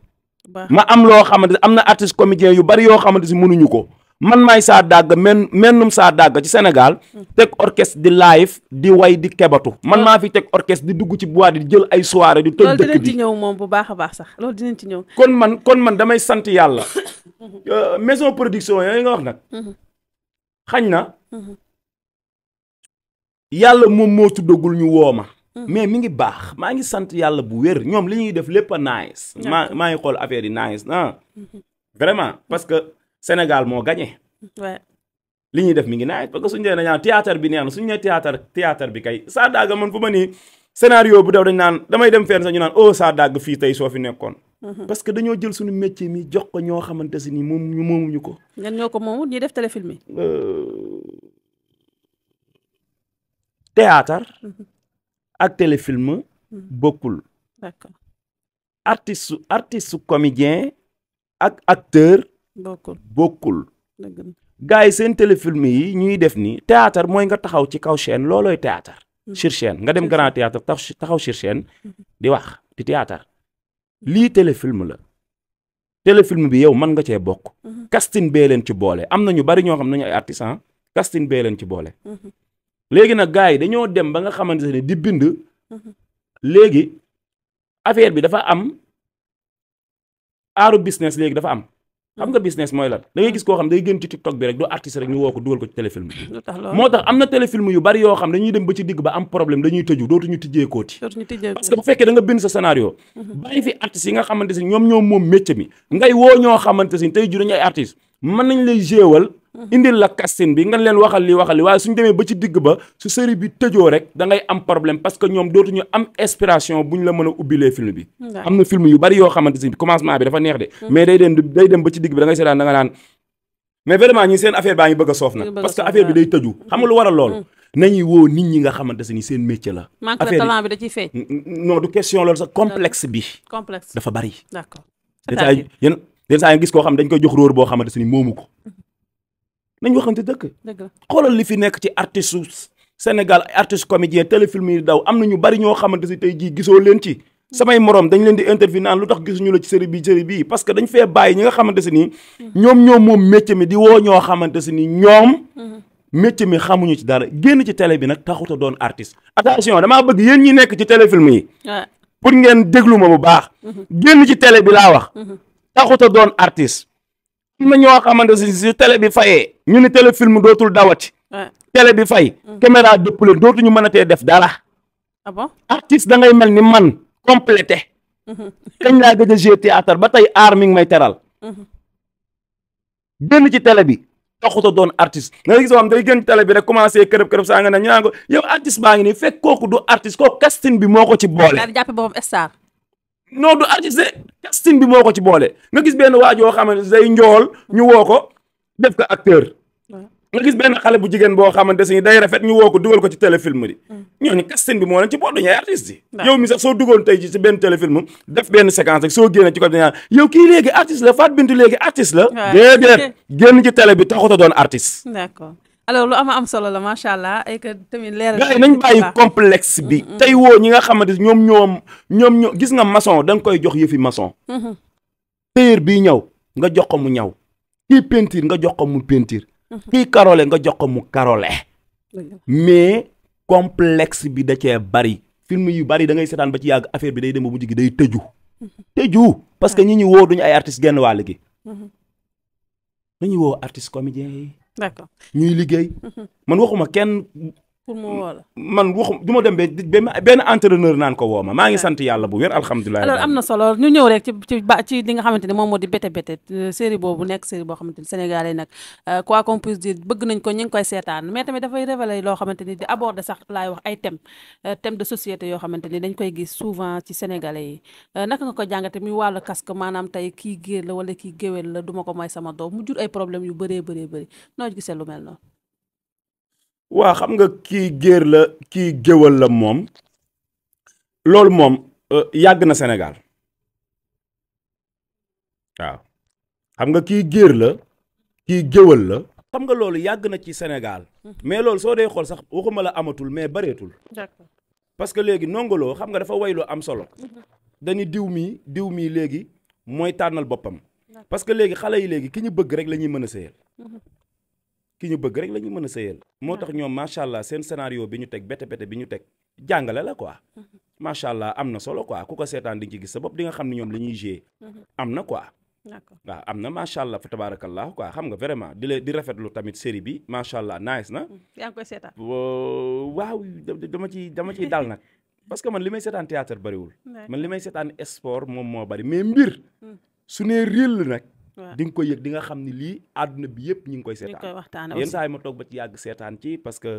ma am loo xamante am na artiste comédien yu bari yoo xamante si mënuñu ko man maay saa dàgg men mennum saa dàgg ci senegal teg orchestre di live di way di kebatu man maa fi teg orchestre di dugg ci bois di jël ay soirée di toj dëkk bi ñëw moom bu baax a baax sax loolu dinañ ci ñëw kon man kon man damay sant yàlla *coughs* euh, maison production yooyu nga wax nag xañ na yàlla moom moo tuddagul ñu woo ma mais mi ngi baax maa ngi sant yàlla bu wér ñoom li ñuy def lépp a nice maa maa ngi xool affaire yi nice ah vraiment parce senegal moo gagné. li ñuy def mi ngi naaj parce que suñu dee dañu naan théâtre bi neex na suñu nee théâtre théâtre bi kay Sadaga man fu ma nii scénario bu daw dañ naan damay dem fenn sax ñu naan oh Sadaga fii tey soo fi nekkoon. Mhm. parce que dañoo jël suñu métier mi jox ko ñoo xamante si ni moom ñu moomuñu ko. ñan ñoo ko moomu ñu def téléfilm yi. Euh, théâtre mhm. ak téléfilm mhm. bokkul. d'accord artiste comédien ak acteur. bokkul bokkul. gars yi seen téléfilm yi ñuy def nii théâtre mooy nga taxaw ci kaw chaîne loolooy théâtre mm-hmm. sur nga dem grand théâtre taxaw sur mm-hmm. di wax di théâtre lii téléfilm la téléfilm bi yow man nga cee bokk. Mm-hmm. casting bee leen ci boole am na ñu bari ñoo xam nañu ay artisans casting bee leen ci boole. léegi nag gars yi dañoo dem ba nga xamante ne di bind. léegi affaire bi dafa am aaru business léegi dafa am. xam nga business mooy lan da ngay gis koo xam day gën ci tiktok bi rek doo artiste rek ñu woo ko dugal ko ci téléfilm bi moo tax am na téléfilm yu bari yoo xam dañuy dem ba ci digg ba am problème dañuy tëju dootuñu tijjee kooti parce bu fekkee da nga sa scénario mhm. bàyyi fi artistes yi nga xamante si ñoom ñoom moom métier mi ngay woo ñoo xamante si tey ju dañu ay artiste mën nañ lay géewal Mm-hmm. indil la casting bi nga leen waxal li waxal li waaye suñ demee ba ci digg ba su série bi tëjoo rek da ngay am problème parce que ñoom dootuñu am inspiration buñ la mën a ubbilee film bi am na film yu bari yoo xamante si commencement bi dafa neex de mm-hmm. mais day dem day dem ba ci digg ñi seen affaire baa a soof nag affaire bi day mm-hmm. seen métier la. manque de talent bi da ciy feeñ. non du question loolu sax complexe bi. complexe dafa bari. yenn saa yenn gis koo xam dañ koy jox róor boo xamante se ni moomu ko. nañ waxante dëkk. dëgg la xoolal li fi nekk ci artiste Sénégal artiste comédien téléfilm yi daw am na ñu bari ñoo xamante si tey jii gisoo leen ci. Mm. samay morom dañ leen di interview naan lu tax gisuñu la ci série bi série bii parce que dañ fee bàyyi ñi nga xamante si nii. Mm. ñoom ñoom moom métier mi di woo ñoo xamante si ni ñoom. Mm. métier mi xamuñu ci dara génn ci tele bi nag taxut a doon artiste. attention damaa bëgg yéen ñi nekk ci téléfilm yi. pour ngeen déglu ma bu baax. Mm-hmm. génn ci télé bi laa wax. Mm-hmm. taxut a doon artiste. am na ñoo xamante si ñu ni téléfilm dootul dawati. télé bi fay. Mm. caméra dëppale dootuñu mën a tee def dara. ah bon da ngay mel ni man complété. Mm-hmm. *laughs* kañ laa gëj a jouer ba tey aar mi ngi may teral. Mm-hmm. génn ci tele bi taxut a doon artiste nga gis am day génn ci télé bi rek commencé kërëb kërëb saa nga ne ñu naan ko yow artiste baa ngi nii fekk kooku du artiste kooku casting bi moo ko ci boole. daal di jàppe boppam star. bi moo ko ci boole nga gis benn waajoo xam ne day njool ñu woo ko. def ko acteur. nga gis benn xale bu jigéen boo xamante si ne day rafet ñi woo ko dugal ko ci téléfilm bi. Mm. ñooñu casting bi moo leen ci boole ñooy artistes yi. yow mi sax soo duggoon tey ji ci benn téléfilm def benn séquence rek soo génne ci ko dañu yow kii léegi artiste la Fatou Bintou léegi artiste la. déedéet génn ci télé bi taxut a doon artiste. d'accord. lu ama am solo la macha allah ay que tamit leeral gars yi nañ bàyyi complexe bi. Mm-hmm. tey woo ñi nga xamante ñoom ñoom ñoom ñoo gis nga maçon da nga koy jox yëfi maçon. téer mm-hmm. bii ñëw nga jox ko mu ñaw. kii peinture nga jox ko mu peinture. Mhm. kii karole nga jox ko mu karole. mais complexe bi da cee bari. film yu bari da ngay seetaan ba ci yàgg affaire bi day dem ba mujj gi day tëju. Mhm. tëju parce que ñi ñu woo duñu ay artistes genn wàll gi. dañuy mhm. woo artistes comédiens yi. d'accord ñuy liggéey. man waxuma kenn pour mu woo la man waxu du ma dem ba benn entraîneur naan ko woo ma maa ngi sant yàlla bu wér alhamdulilah. alors am na solo ñu ñëw rek ci ba ci li nga xamante ne moom moo di bété bété euh, série boobu nekk série boo xamante ni Sénégalais nag euh, quoi qu'on nañ ko ñu ngi koy seetaan mais tamit dafay révéler loo xamante ni di aborder sax laay wax ay thème euh, thème de société yoo xamante ni dañ koy gis souvent ci Sénégalais yi naka nga ko jàngate muy wàllu casque maanaam tey kii géer la wala kii géwél la duma ko mooy sama doom mu jur ay problème yu bëree bëree bëri noo gisee lu mel noonu waa xam nga kii géer la kii géwal la moom loolu moom euh, yàgg na Sénégal waaw xam nga kii géer la kii géwal la xam nga loolu yàgg na ci Sénégal mhm. mais loolu soo dee xool sax waxuma la amatul mais bareetul d'accord parce que léegi nongoloo xam nga dafa wayloo am solo mhm. dañu diw mii diw mii léegi mooy tànnal boppam parce que léegi xale yi léegi ki ñu bëgg rek lañuy mën a sëyal mhm. ki ñu bëgg rek la mën a sëyal moo tax hmm. ñoom macha allah seen scénario bi ñu teg bete bete bi ñu teg jàngale la quoi hmm. macha allah am na solo quoi ku ko seetaan di nga ci gis sa bopp di nga xam ne ñoom la ñuy hmm. am na quoi waaw am na macha allah fa tabaarakallah quoi xam nga vraiment di la di rafetlu tamit série bi macha allah nice na yaa ngi koy seetaan waaw dama ci dama ciy dal nag *laughs* parce que man li may seetaan théâtre bariwul man li may seetaan sport moom moo bari mais mbir su nee réel nag di nga ko yëg di nga xam ni lii àdduna bi yëpp ñu ngi koy seetaan yenn saa yi ma toog ba ci yàgg seetaan ci parce que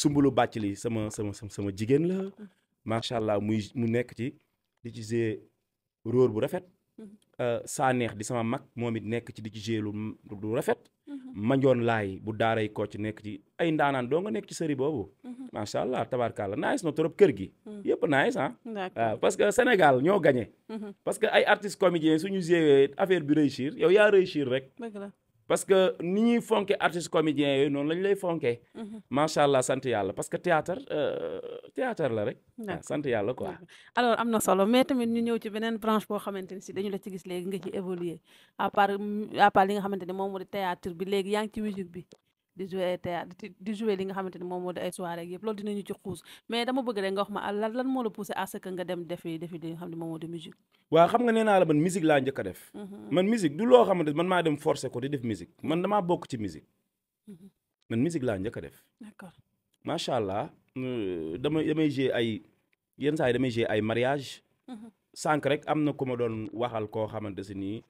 sumbulu bàcc li sama sama sama jigéen la mm. macha allah muy mu nekk ci di ci jouer rôle bu rafet mm-hmm. euh, saa neex di sama mag moom it nekk ci di ci jouer lu rafet Mm-hmm. manjoon laay bu daaray Kocc nekk ci ay ndaanaan doo nga nekk ci série boobu. Mm-hmm. macha allah tabarkalla nice na kër gi. Mm-hmm. yëpp nice ah. waaw parce que ñoo gagné. parce que ay artistes comédiens suñu joué affaire bi réussir yow yaa réussir rek. parce que ni ñuy fonke artiste comédien yooyu noonu lañ lay fonkee. Mm-hmm. macha allah sant yàlla parce que théâtre euh, théâtre la rek. sant yàlla quoi. alors am na solo mais tamit ñu ñëw ci beneen branche boo xamante ni si dañu la ci gis léegi nga ci évoluer à part à part li nga xamante ni moom moo di théâtre bi léegi yaa ngi ci musique bi. di jouer théâtre di jouer li nga xamante ne moom moo di ay soirée ak yëpp loolu dinañu ci xuus mais dama bëgg rek nga wax ma ah, lan lan moo la poussé à ce nga dem defi defi li nga xam moom moo di musique waaw xam nga nee la man musique laa njëkk a def mhm. man musique man maa dem forcé ko di bokk ci musique mhm. man musique laa njëkk a def d'accord allah euh, damay jouer ay yenn saa yi damay jouer ay mariage mhm. sànq rek am na ku ma doon waxal koo xamante si nii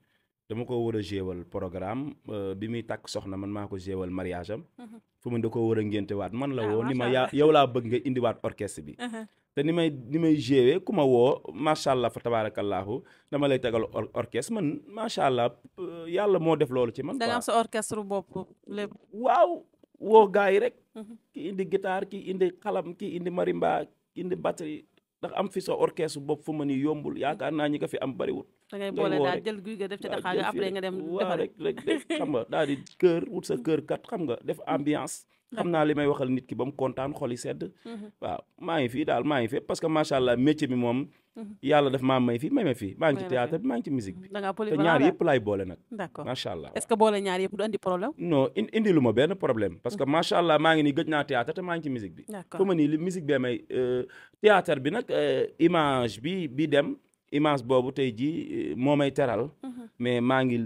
dama ko war a géwal programme euh, bi muy tàkk soxna man maa ko géwal mariage am mhm. fu mu da ko war a ngénte waat man la ah, woo ni ma yaa yow laa bëgg nga indiwaat orchestre bi mhm. te ni may ni may géwee ku ma woo macha allah fa tabaarakallaahu dama lay tegal orchestre man macha allah euh, yàlla moo def loolu ci man da am sa orchestre bopp lépp waaw woo yi rek mhm. indi guitare ki indi xalam ki indi marimba ki indi batterie ndax am fi sa orchestre bopp fu ma ni yombul yaakaar naa ñi ko fi am bariwul da ngay boole daal jël guy ga def ci daxaar ga après nga dem defar rek rek def xam nga daal di kër wut sa kër kat xam nga def *laughs* ambiance xam naa li may waxal nit ki ba mu kontaan xol yi sedd mm-hmm. waaw maa ngi fii daal maa ngi fii parce que macha allah métier bi moom mm-hmm. yàlla daf maa may fii may ma fii maa ngi ci théâtre bi maa ngi ci musique bi mm-hmm. te ñaar yëpp laay boole nag d'accord macha allah est-ce que boole ñaar yëpp du andi problème non indi lu ma benn problème parce que macha allah maa ngi nii gëj naa théâtre te maa ngi ci musique bi fu ma nii li musique bee may euh, théâtre bi nag euh, image bi bi dem image boobu tey jii euh, moo may teral mhm. mais maa ngi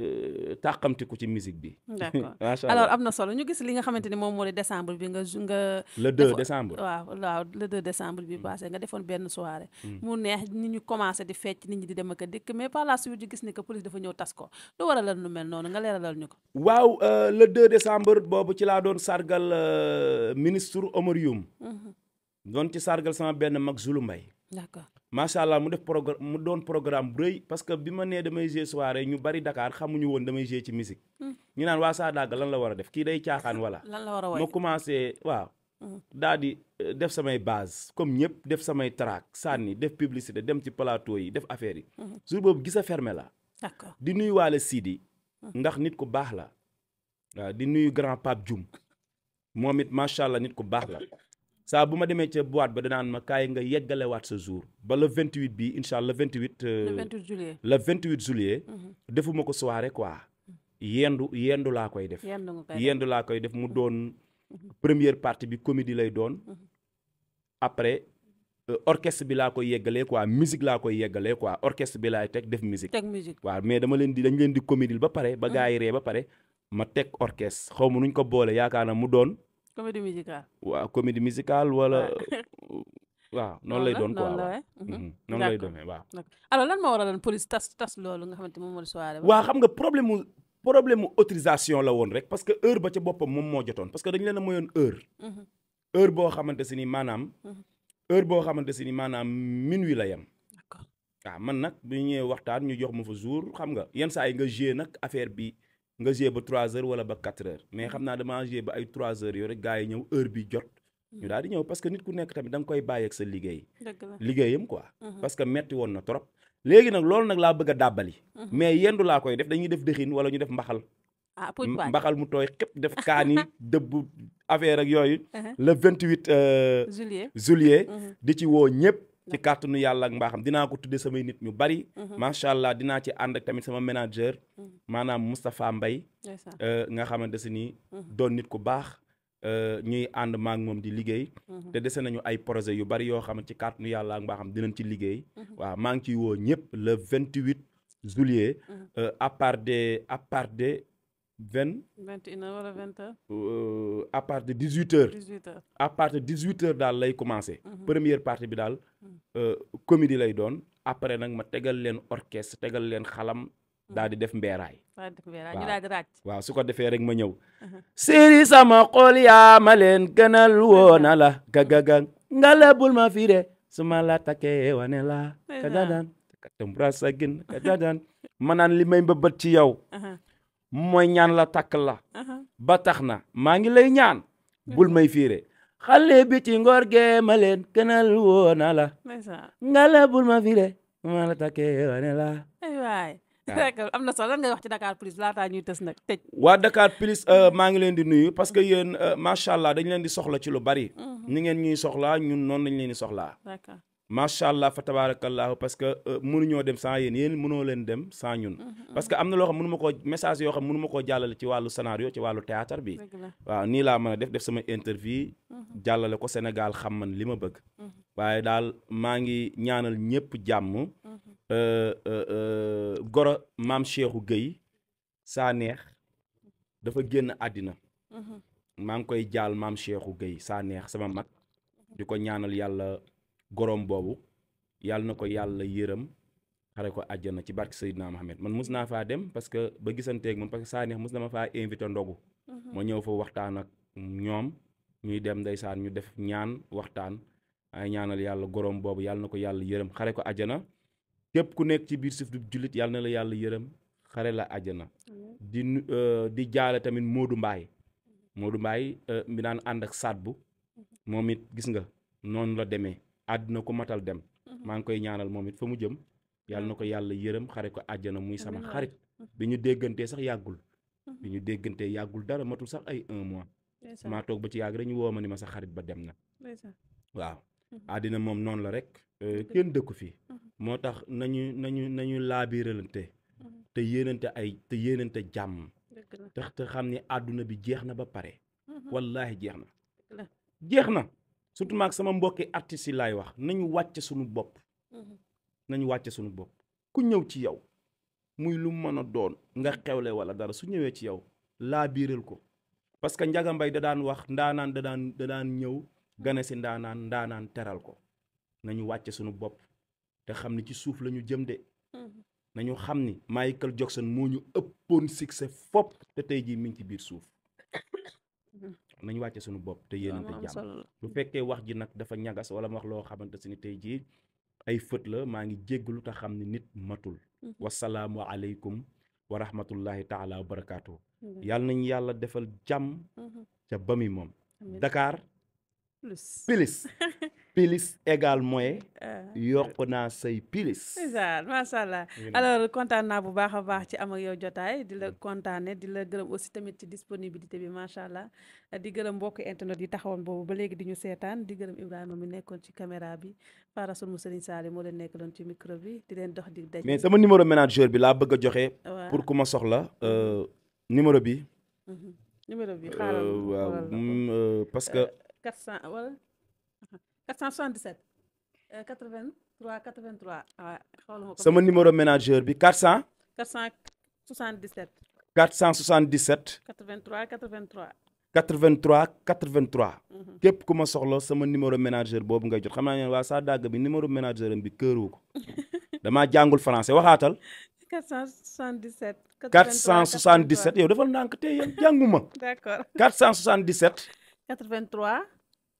euh, tàqamtiku ci musique bi. *laughs* d'accord *laughs* alors am na solo ñu gis li nga xamante ni moom moo di décembre bi nga nga. le 2 décembre waaw waaw le 2 bi mm. passé nga defoon benn soirée. Mm. mu neex ni ñu commencé di fecc ni ñu di dem ak a dikk mais par la suite gis ni que police dafa ñëw tas ko lu waraloon lu mel noonu nga leeralal ñu ko. waaw euh, le 2 décembre boobu ci laa doon sargal ministre Omar mhm. doon ci sargal sama benn mag Zulu Mbaye. macha allah mu def programme mu doon programme bu rëy parce que bi ma nee damay jouer soirée ñu bari dakaar xamuñu woon damay jouer ci musique hmm. ñu naan waa Sadaga lan la war a def kii day caaxaan wala lan la war a woy waaw hmm. daal di euh, def samay base comme ñëpp def samay track sànni def publicité dem ci plateau yi def affaire yi hmm. jour boobu gis a fermé la di nuyu waale siidi ndax nit ku baax la waaw di nuyu grand Pape Dioum moom it macha allah nit ku baax la saa bu ma demee ce boîte ba danaan ma kaay nga yeggalewaat sa jour ba le 28 bi incha allah le 28. Euh, le 28 juillet le 28 juillet. Mhm. defuma ko rek quoi. yendu yendu laa koy def. yendu laa koy def mu mhm. doon mhm. première partie bi comédie lay doon. après euh, orchestre bi laa koy yeggalee quoi musique laa yeggalee quoi orchestre bi laay teg def musique. teg musique waaw mais dama leen di dañ leen di comédie ba pare ba gars yi ree ba pare ma teg orchestre xaw ma nuñ ko boole yaakaar na mu doon. comédie musicale. waaw comédie musicale wala. *laughs* waaw noonu lay doon quoi waaw mhm, mhm. noonu lay doon waaw. alors lan moo waraloon police tas tas loolu nga xamante moom mooy soirée. waaw xam nga problème mu problème mu autorisation la woon rek parce que heure ba ca boppam moom moo jotoon parce que dañu leen a heure. Mhm. heure boo xamante si ni maanaam. heure boo xamante si ni maanaam minuit la yem. d'accord man nag bi ñu ñëwee waxtaan ñu jox ma fa jour xam nga yenn saa yi nga joué nag affaire bi. nga joué ba 3 heures wala ba 4 heures mais mm. xam naa damaa joué ba ay 3 heures yooyu rek gars yi ñëw heure bi jot. Mm. ñu daal di ñëw parce que nit ku nekk tamit da nga koy bàyyi ak sa liggéey. liggéeyam ko mm-hmm. parce que metti woon na trop. léegi nag loolu nag laa bëgg a dàbbali. Mm-hmm. mais yendu laa koy def dañuy def dëxin wala ñu def mbaxal. ah mbaxal mu tooy xëpp def *laughs* kaani dëbb affaire ak yooyu. Uh-huh. le 28. Euh, juillet juillet mm-hmm. di ci woo ñëpp. ci kàttanu yàlla ak mbaaxam dinaa ko tuddee samay nit ñu bari. Mhm. macha allah dina ci ànd ak tamit sama manager. Mhm. maanaam Moustapha Mbaye euh, nga xamante si ni mhm. doon nit ku baax. Euh, ñuy ànd maak moom di liggéey. te dese nañu ay projet yu bari yoo xam ci kàttanu yàlla ak mbaaxam dinañ ci liggéey. waaw maa ngi ciy woo ñëpp le 28 juillet. Euh, à part des vingt. vingt et une heures wala vingt euh, à partir de dix huit à partir de dix daal lay commencé. Mhm. première partie bi daal. Mhm. Euh, comédie lay doon après nag ma tegal leen orchestre tegal leen xalam. Mhm. daal di def mbeeraay. waaw su ko defee rek ma ñëw. siri sama xol yaa ma leen gënal woona la *laughs* gagaga ngala bul ma fi de suma laa takkee wane la. ka dadaan ka tëmbra sa gin ma naan li may mbëbët ci yow. *laughs* mooy ñaan la takk la. ba tax na maa ngi lay ñaan. bul may fiire xale bi ci ngor gee ma leen kenal woo na la. nga la bul ma fiire ma la takkee wane la. aywaay ah. *laughs* am na solo nga ngay wax ci Dakar Plus laataa ñuy tës nag tëj. waa Dakar Plus euh, maa ngi leen di nuyu parce que yéen euh, macha allah dañu leen di soxla ci lu bari. Mhm. ni ngeen ñuy soxlaa ñun noonu lañu leen di soxlaa. macha allah fa tabarakallahu parce que euh, mënuñoo dem sans yéen yéen mënoo leen dem sans ñun mm-hmm, mm-hmm. parce que am na loo xam mënu ma koo message yoo xam mënu ma koo jàllale ci wàllu scénario ci wàllu théâtre bi waaw nii laa mën a def def sama interview mm-hmm. jàllale ko senegal xam man li ma bëgg waaye daal maa ngi ñaanal ñëpp jàmm euh, euh, goro maam Cheikhou Gueye saa neex dafa génn àddina maa ngi koy jaal maam Cheikhou Gueye saa neex sama mag di ko ñaanal yàlla goroom boobu yàlla na ko yàlla yërëm xare ko àjjana ci barke Seydina Mohamed man mus naa faa dem parce que ba gisanteeg moom parce que saa neex mus na ma faa invité ndogu. Mhm. ma ñëw fa waxtaan ak ñoom ñuy dem ndeysaan ñu def ñaan waxtaan ay ñaanal yàlla goroom boobu yàlla na ko yàlla yërëm xare ko àjjana képp ku nekk ci biir suuf du jullit yàlla na la yàlla yërëm xare la àjjana. di euh, di jaale tamit Modou Mbaye Modou Mbaye euh, mi daan ànd ak Sadbu mhm. moom it gis nga noonu la demee. àdduna ko matal dem mhm. maa ngi koy ñaanal moom it fa mu jëm yàlla na ko mhm. yàlla yërëm xare ko àjjana muy sama xarit mhm. bi ñu déggantee sax yàggul bi ñu déggantee yàggul dara matul sax ay un mois maa toog ba ci yàgg rek ñu woo ma ni ma sa xarit ba dem na waaw àddina moom noonu la rek euh, kenn dëkku fii moo tax nañu nañu nañu laabiralante te yéenante ay te yéenante jàmm te te xam ne àdduna bi jeex na ba pare wallaahi jeex na jeex na surtout maag sama mbokki artistes yi laay wax nañu wàcce suñu bopp mm-hmm. nañu wàcce suñu bopp ku ñëw ci yow muy lu mën a doon nga xewle wala dara su ñëwee ci yow laa biiral ko parce que Ndiaga da daan wax ndaanaan da daan da daan ñëw gane si ndaanaan ndaanaan teral ko nañu wàcce suñu bopp te xam ni ci suuf la ñu jëm de mm-hmm. nañu xam ni Michael Jackson moo ñu ëppoon succès fop te tey jii mi ngi ci biir suuf nañ wàcce suñu bopp te yéenante jàmm bu fekkee wax ji nag dafa ñagas wala wax loo xamante si ni tey jii ay fët la maa ngi lu te xam ne nit matul mhm. wasalaamu aleykum wa rahmatullahi taala wa barakaatu mhm. yàlla nañ yàlla defal jàmm mhm. ca ba mi moom Dakar plus *laughs* pilis égal mooy. Ah. yokk naa say pilis. isaal macha allah alors kontaan naa bu baax a baax ci am ak yow jotaay di la mm. kontaane di la gërëm aussi tamit ci disponibilité bi macha allah di gërëm mbokk internet yi taxawoon boobu ba léegi di ñu seetaan di gërëm Ibrahima mi nekkoon ci caméra bi Farasoul Mousseligne Sall moo leen nekkaloon ci micro bi di leen dox di daj. mais sama numéro manager bi laa bëgg a joxe. pour ku ma soxla euh, numéro bi. Mhm. numéro bi xaaral euh, waaw mm, euh, parce que. 400 wala. 477. 83 83 waaw xooluma ko. sama numéro ménageur bi 400. 477. 477. 83 83. 83 83. képp ku ma soxla sama numéro ménageur boobu ngay jot xam naa ne waa saa dàgg bi numéro ménageur am bi këru ko *laughs* damaa jàngul français waxaatal. 477. 477 yow defal ndànk tey yow jànguma. d'accord 477. 83.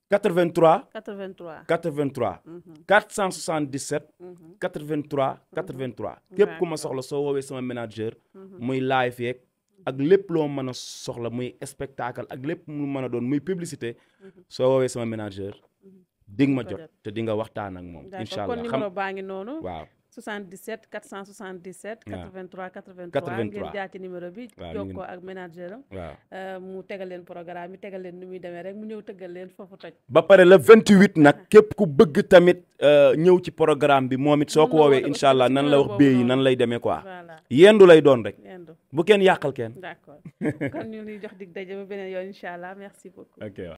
83. 83 83. 477. 83 83. képp ku ma soxla soo woowee sama manager. Mhm. muy live yeeg ak lépp loo mën a soxla muy spectacle ak lépp lu mën a doon muy publicité. Mhm. soo woowee sama manager. Mhm. di nga ma jot te di nga waxtaan ak moom. incha allah xam kon baa ngi noonu. 77 477. waaw 83 83 ngeen jaar ci numéro bi. waaw jokkoo ak ménager am. waaw euh, mu tegal leen programme bi tegal leen ni muy demee rek mu ñëw tëggal leen foofu toj. ba pare le 28 nag képp ku bëgg tamit euh, ñëw ci programme bi moom it soo ko woowee incha allah nan la wax béy yi nan lay demee quoi. yendu lay doon rek. yendu bu kenn yàqal kenn. d'accord *laughs* kon ñu ngi jox dig daje ba beneen yoon incha allah merci beaucoup. ok